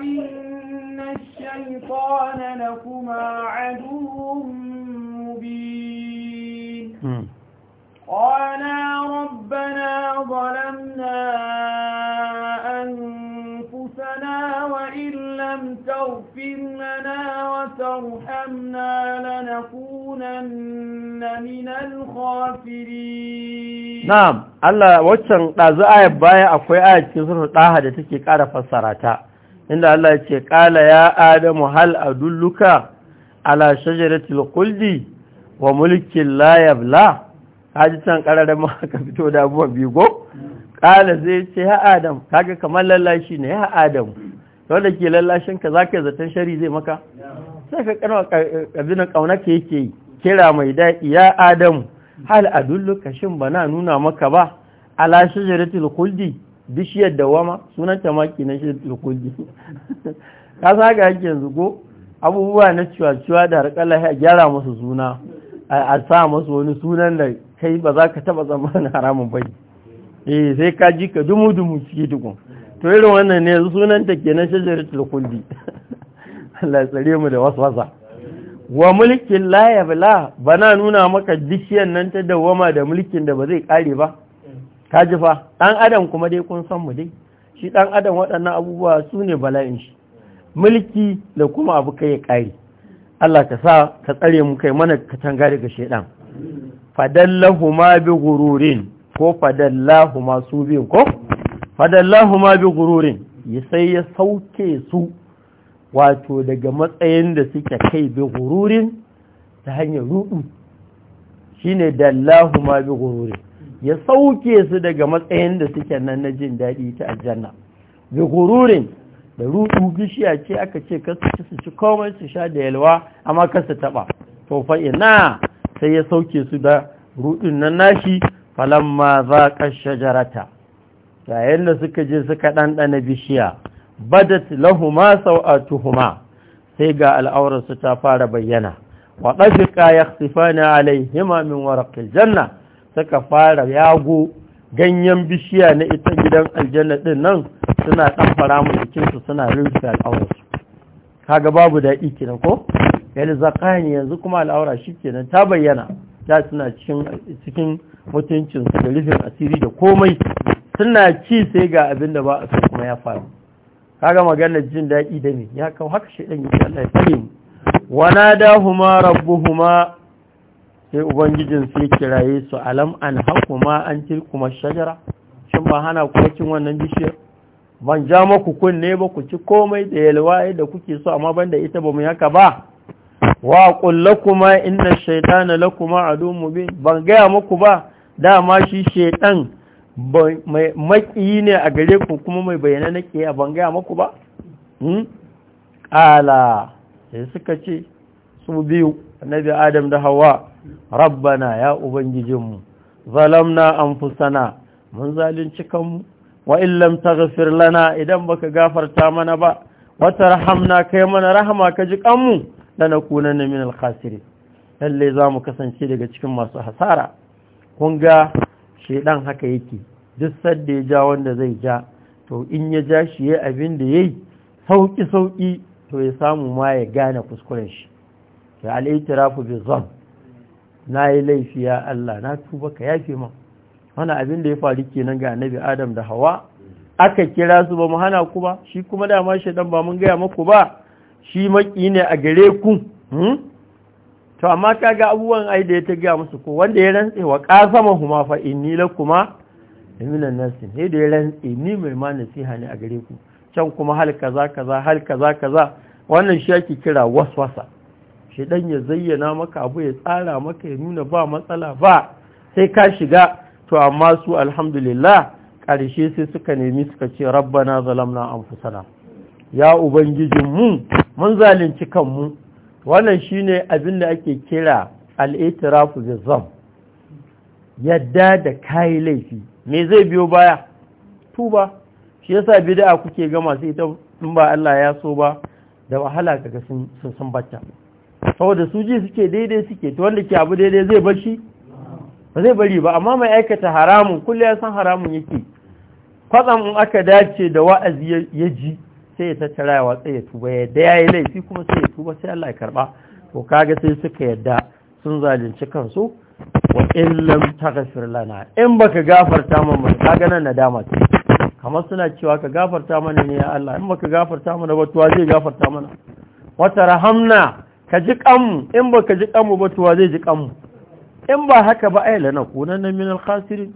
إن الشيطان لكما عدو مبين قالا ربنا ظلمنا أنفسنا وإن لم تغفر لنا وترحمنا لنكونن من الخاسرين نعم Allah waccan ɗazu ayar bayan akwai ayar cikin sun ɗaha da take ƙara fassara ta inda Allah ce ƙala ya adamu hal dulluka ala shajaratil khuldi wa mulkin la yabla kaji can ƙararren ma [LAUGHS] ka fito da abuwa bigo ƙala zai ce ya adam kaga kamar lallashi ne ya adam wanda ke lallashin ka yi zaton shari zai maka sai ka kana kabinan kauna ka yake kira mai daɗi ya Adamu. hal adulluka ba bana nuna maka ba ala shajaratul khuldi bishiyar dawama sunanta maki na shajaratul khuldi [LAUGHS] ka saka yake yanzu ko abubuwa na ciwa-ciwa da harƙala ya gyara musu suna a sa musu wani sunan da kai ba za ka taba zamanin haramun bai eh sai ka ji ka dumu-dumu ciki dukun to irin wannan ne sunanta kenan shajaratul khuldi [LAUGHS] Allah ya tsare mu da waswasa wa mulkin la bala bana nuna maka dukiyar nan ta dawama da mulkin da ba zai kare ba kaji fa dan adam kuma dai kun san mu dai shi dan adam waɗannan abubuwa su ne bala'in shi mulki da kuma abu kai ya kare Allah ka sa ka tsare mu kai mana ka tanga daga shedan fadallahuma bi gururin ko fadallahuma su bi ko fadallahuma bi gururin sai ya sauke su wato daga matsayin da suke kai bi gururin ta hanyar rudu shine dallahu ma bi gururin ya sauke su daga matsayin da suke nan na jin daɗi ta aljanna bi gururin da rudu bishiya ce aka ce kasu su ci komai su sha da yalwa amma kasu taɓa to fa ina sai ya sauke su da ruɗun nan nashi falamma ka shajarata yayin da suka je suka ɗanɗana bishiya badat lahuma sau'atuhuma sai ga al'aurarsu ta fara bayyana wa ɗafika ya alaihima min warakil janna suka fara yago ganyen bishiya na ita gidan aljanna ɗin nan suna ɗanfara mu jikinsu suna rufe al'aurarsu kaga babu daɗi kenan ko yanzu zakani yanzu kuma al'aura shi kenan ta bayyana ta suna cikin mutuncinsu da rufin asiri da komai suna ci sai ga abin da ba a so kuma ya faru kaga maganar jin daɗi da ni? ya kawo haka shi ɗan yi Allah ya tsare mu Rabbu rabbuhuma sai ubangijin sai kiraye su alam an hakuma an tilkuma shajara shin ba hana ku cikin wannan bishiyar ban ja maku kunne ba ku ci komai da yalwa da kuke so amma banda ita ba mu yaka ba wa lakuma inna shaytana lakuma adu mubin ban gaya muku ba dama shi shaiɗan. maƙi ne a gare ku kuma mai bayyana na ke a bangaya maku ba? ƙala hmm? sai suka ce su biyu bi adam da hawa rabbana ya ubangijinmu zalamna fusana mun zalunci kanmu wa illam ta lana idan baka gafarta mana ba wata rahamna kai mana rahama ka ji kanmu lanakunanna min alkhasiri lalle za mu kasance daga cikin masu hasara kun ga shaidan haka yake duk sadda ya ja wanda zai ja to in ya ja shi ya abin da ya yi sauƙi-sauƙi to ya samu ma ya gane kuskuren shi ya rafu bi zon na yi laifi ya Allah na tuba ka yafe man wani abin da ya faru kenan ga annabi adam da hawa aka kira su ba mu hana ku ba shi kuma dama shaidan ba mun gaya maku ba shi maki ne a gare ku hmm? to amma ka ga abubuwan ai da ya ta gaya musu ko wanda ya rantse wa kasama huma fa inni lakuma minan nasi sai da ya rantse ni mai ma nasiha ne a gare ku can kuma hal kaza kaza hal kaza kaza wannan shi ake kira waswasa shi dan ya zayyana maka abu ya tsara maka ya nuna ba matsala ba sai ka shiga to amma su alhamdulillah karshe sai suka nemi suka ce rabbana zalamna anfusana ya Ubangijin mu mun zalunci kanmu wannan shine abin da ake kira al'itirafu zam yadda da kayi laifi me zai biyo baya tuba shi yasa bid'a kuke gama su ita in ba Allah ya so ba da wahala kaga sun san bata saboda su ji suke daidai suke ta wanda ke abu daidai zai bar shi ba zai bari ba amma mai aikata haramun kulle ya san haramun yake kwatsam in aka dace da wa'azi ya ji sai ya tattara ya watsa ya tuba ya da yayi laifi kuma sai ya tuba sai Allah ya karba to kaga sai suka yadda sun zalunci kansu wa in lam taghfir lana in baka gafarta mana kaga nan nadama ce kamar suna cewa ka gafarta mana ne ya Allah in baka gafarta mana ba tuwa zai gafarta mana wata rahamna ka ji kanmu in baka ji kanmu ba tuwa zai ji kanmu in ba haka ba ai lana kunan min al khasirin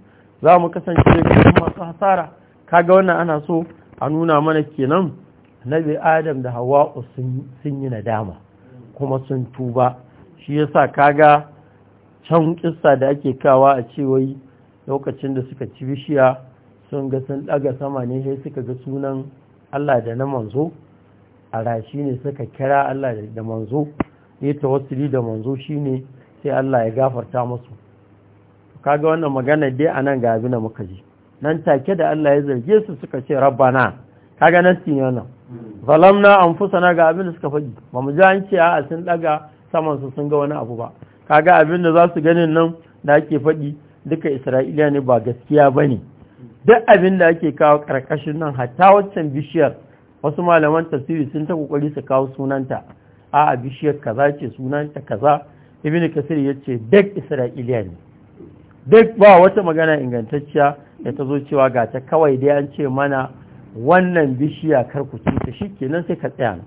za mu kasance cikin masu hasara kaga wannan ana so a nuna mana kenan nabi adam da hawa'u sun yi nadama kuma sun tuba shi yasa kaga can kissa da ake kawa a cewai lokacin da suka ci bishiya sun ga sun daga sama ne sai suka ga sunan Allah da na manzo a rashi ne suka kira Allah da manzo ne wasiri da manzo shine sai Allah ya gafarta musu kaga wannan magana dai anan ga abin da muka ji nan take da Allah ya zarge su suka ce rabbana kaga nan ne wannan zalamna fusana ga abin da suka faɗi ba mu ji an ce a sun ɗaga saman su sun ga wani abu ba kaga abin da za su ganin nan da ake faɗi duka Isra'iliya ne ba gaskiya ba ne duk abin da ake kawo karkashin nan hatta waccan bishiyar wasu malaman tafsiri sun ta kokari su kawo sunanta a bishiyar kaza ce sunanta kaza ibn kasir ce duk Isra'iliya ne duk ba wata magana ingantacciya da ta zo cewa ga ta kawai dai an ce mana wannan bishiya karku ci ta shi kenan sai ka tsaya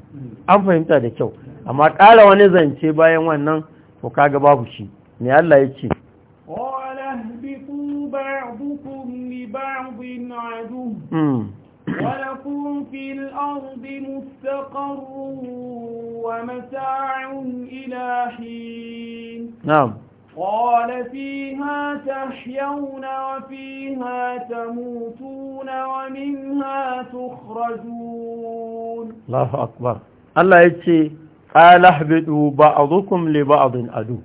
an fahimta da kyau amma ƙara wani zance bayan wannan ko kaga babu shi ne Allah ya ce ولكم في الأرض مستقر ومتاع إلى حين نعم قال فيها تحيون وفيها تموتون ومنها تخرجون الله أكبر الله يتي قال اهبطوا بعضكم لبعض عدو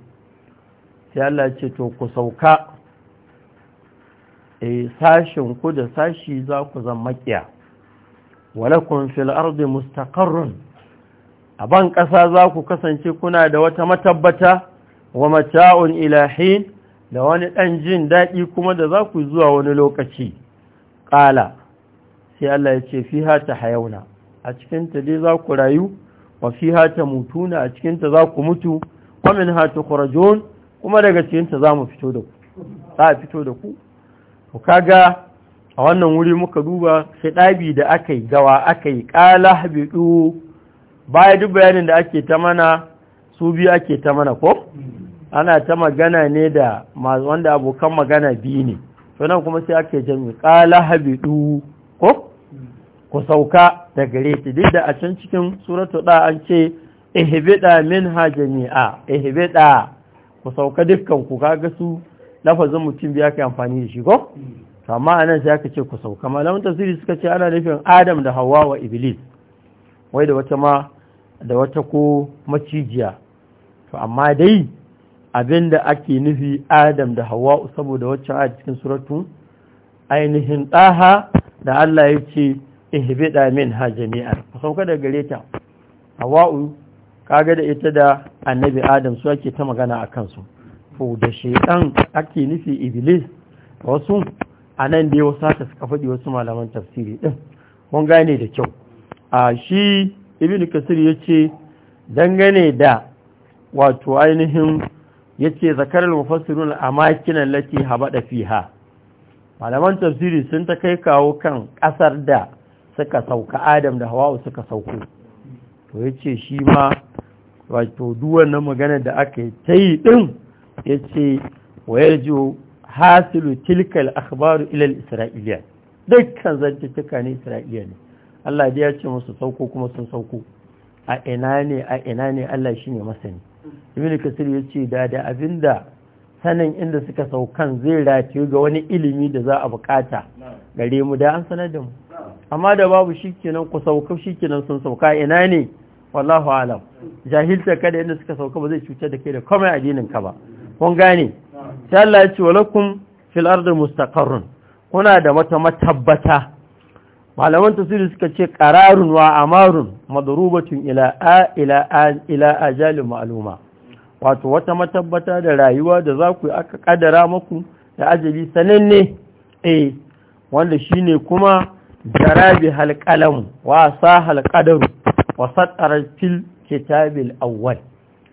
sai Allah ce to ku sauka eh sashin da sashi za ku zama makiya walakum fil ardi mustaqarrun aban kasa za ku kasance kuna da wata matabbata wa mata'un ilahin da wani ɗan jin daɗi kuma da za ku zuwa wani lokaci ƙala sai Allah ya ce fi ta hayauna a cikinta dai za ku rayu wa fi ta mutuna a cikinta za ku mutu ha ta kurajon kuma daga cikinta za mu fito da ku za a fito da ku to kaga a wannan wuri muka duba sai dabi da akai yi gawa aka yi ƙala baya duk bayanin da ake ta mana su biyu ake ta mana ko ana ta magana ne da wanda abokan magana biyu ne sunan kuma sai ake jami ƙala habidu ko ku sauka da gare shi duk da a can cikin suratu da an ce ihbida ha jami'a ihbida ku sauka dukkan ku kaga su lafazin mutum biya kai amfani da shi ko amma anan sai aka ce ku sauka malamin tafsiri suka ce ana nufin Adam da hawa wa Iblis wai da wata ma da wata ko macijiya to amma dai Abin da ake nufi adam da hawa'u saboda waccan a cikin suratu ainihin ɗaha da Allah ya ce ihbida min ha jami'ar sauka da gare ta hawa'u kaga da ita da annabi adam su ake ta magana a kansu ko da shedan ake nufi iblis wasu a nan da wasu haka suka faɗi wasu malaman tafsiri ɗin kun gane da kyau a shi ibn kasir ya ce dangane da wato ainihin yace zakar al-mufassirun amakin allati habada fiha malaman tafsiri sun ta kai kawo kan kasar da suka sauka Adam da hawa suka sauko to yace shi ma wato duwannan magana da aka yi ta yi ɗin wayarjo hasilu tilkal akhbaru ilal isra'iliya dukkan tuka ne isra'iliya ne Allah ya ce musu sauko kuma sun sauko a ina ne a ina ne Allah shine masani ibn kasir ya ce da da abinda sanin inda suka saukan zai race ga wani ilimi da za a bukata gare mu da an sanar da mu amma da babu shikenan ku sauka shikenan sun sauka ina ne wallahu alam jahilta kada inda suka sauka ba zai cutar da kai da komai addinin ka ba kun gane sai Allah ya ce walakum fil ardi mustaqarrun kuna da mata matabbata malaman tasiri suka ce ƙararun wa amarun madarubacin ila ila ila ajalin ma'luma wato wata matabbata da rayuwa da za ku aka kadara maku da ajali sananne eh wanda shine kuma jarabi halqalam wa sa halqadaru wa satara fil kitabil awwal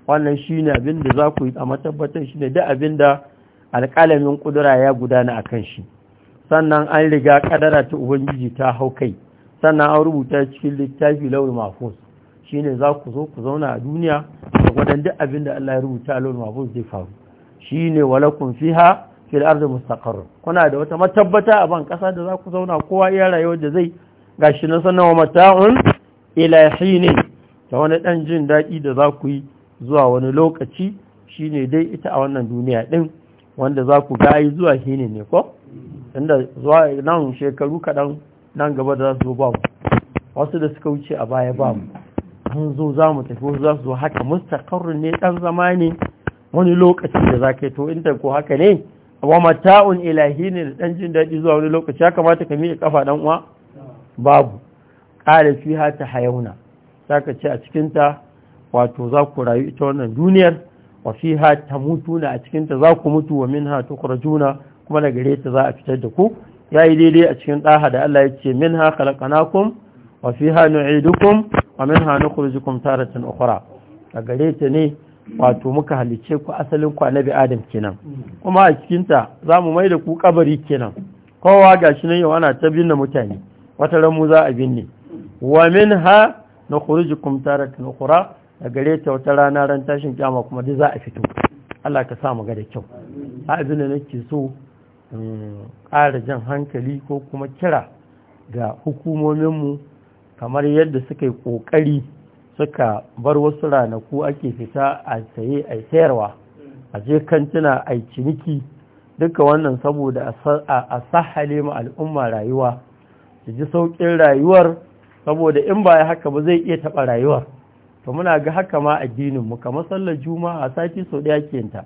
wannan shine abin da za ku yi a matabbatar shine da abin da alƙalamin kudura ya gudana a kan shi sannan an riga kadara ta ubangiji ta hau kai sannan an rubuta cikin littafi laul mahfuz shine za ku zo ku zauna a duniya da gudan duk abin da Allah ya rubuta laul mahfuz zai faru shine walakum fiha fil ardi mustaqarr kuna da wata matabbata a ban kasa da za ku zauna kowa iya rayuwar da zai gashi na sannan wa mata'un ila hinin ta wani dan jin daɗi da za ku yi zuwa wani lokaci shine dai ita a wannan duniya din wanda za ku ga zuwa hinin ne ko inda zuwa nan shekaru kaɗan nan gaba da za su zo ba mu wasu da suka wuce a baya ba mu an zo za mu tafi wasu za su zo haka Mustakarru ne ɗan zama ne wani lokaci da za ka yi to inda ko haka ne wa mata'un ilahi ne da ɗan jin daɗi zuwa wani lokaci ya kamata ka miƙa kafa ɗan uwa babu ƙara fi hata ta hayauna za ka ce a cikinta wato za ku rayu ita wannan duniyar wa fi hata ta mutuna a cikinta za ku mutu wa min ha kura juna kuma da gare ta za a fitar da ku ya yi daidai a cikin ɗaha da Allah ya ce min ha khalaqnakum wa fiha nu'idukum wa min ha nukhrijukum taratan ukhra a gare ta ne wato muka halice ku asalin ku annabi Adam kenan kuma a cikinta ta mu mai da ku kabari kenan kowa gashi nan yau ana ta binne mutane wata ran mu za a binne wa min ha nukhrijukum taratan ukhra a gare ta wata rana ran tashin kyama kuma duk za a fito Allah ka sa mu ga da kyau a abin da nake so ƙara jan hankali ko kuma kira ga hukumominmu kamar yadda suka yi ƙoƙari suka bar wasu ranaku ake fita a saye a sayarwa a je kantina a ciniki duka wannan saboda a sahale ma al'umma rayuwa su ji sauƙin rayuwar saboda in ba haka ba zai iya taɓa rayuwar to muna ga haka ma addinin mu kamar sallar juma'a sati sau ɗaya ke ta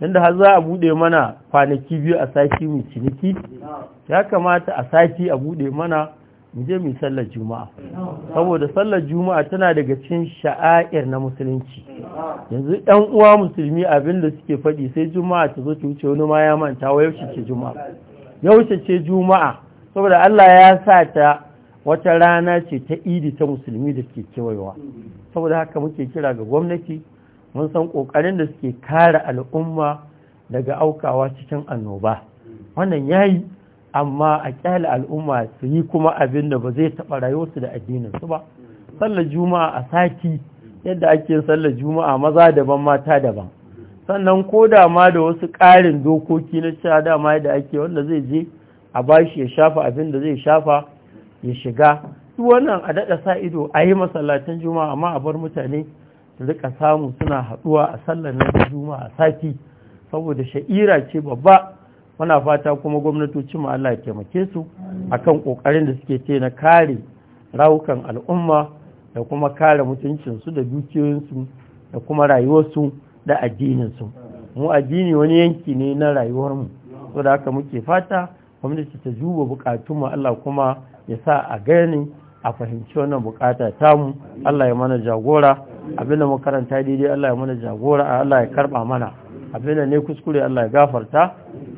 Yadda har za a bude mana kwanaki biyu a sati mu ciniki ya kamata a sati a bude mana mu je mu sallar juma'a saboda sallar juma'a tana daga cikin sha'air na musulunci yanzu ɗan uwa musulmi abin da suke faɗi sai juma'a ta zo ta wuce wani ma ya manta wa yaushe ce juma'a yaushe ce juma'a saboda Allah ya sa ta wata rana ce ta idi ta musulmi da ke kewayewa saboda haka muke kira ga gwamnati mun san ƙoƙarin da suke kare al'umma daga aukawa cikin annoba wannan yayi amma a kyale al'umma su yi kuma abin da ba zai taɓa rayuwarsu da addininsu ba sallar juma'a a sati yadda ake sallar juma'a maza daban mata daban sannan ko da ma da wasu ƙarin dokoki na cewa dama yadda ake wanda zai je a bashi ya shafa abin da zai shafa ya shiga duk wannan a daɗa sa ido a yi masallacin juma'a amma a bar mutane su rika samu suna haduwa a sallar na juma a sati saboda sha'ira ce babba muna fata kuma gwamnatocin mu Allah ya taimake su akan kokarin da suke ce na kare rawukan al'umma da kuma kare mutuncin su da dukiyoyin su da kuma rayuwar su da addinin su mu addini wani yanki ne na rayuwar mu saboda haka muke fata gwamnati ta juba bukatun mu Allah kuma ya sa a gani a fahimci wannan bukata tamu Allah ya mana jagora abinda makaranta daidai Allah ya mana jagora Allah ya karba mana abinda ne kuskure Allah ya gafarta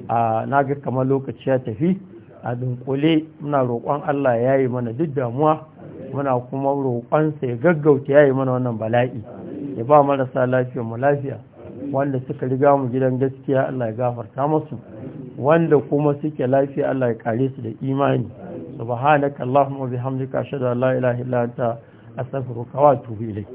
a na ga kamar lokaci ya tafi a dunkule muna roƙon Allah ya yi mana duk damuwa muna kuma sa ya gaggauta ya yi mana wannan bala'i ya ba marasa lafiya mu lafiya wanda suka riga mu gidan gaskiya Allah ya gafarta musu wanda kuma suke lafiya Allah ya kare su da imani subhanaka allahumma bihamdika ashhadu an la ilaha illa anta أستغفرك وأتوب إليك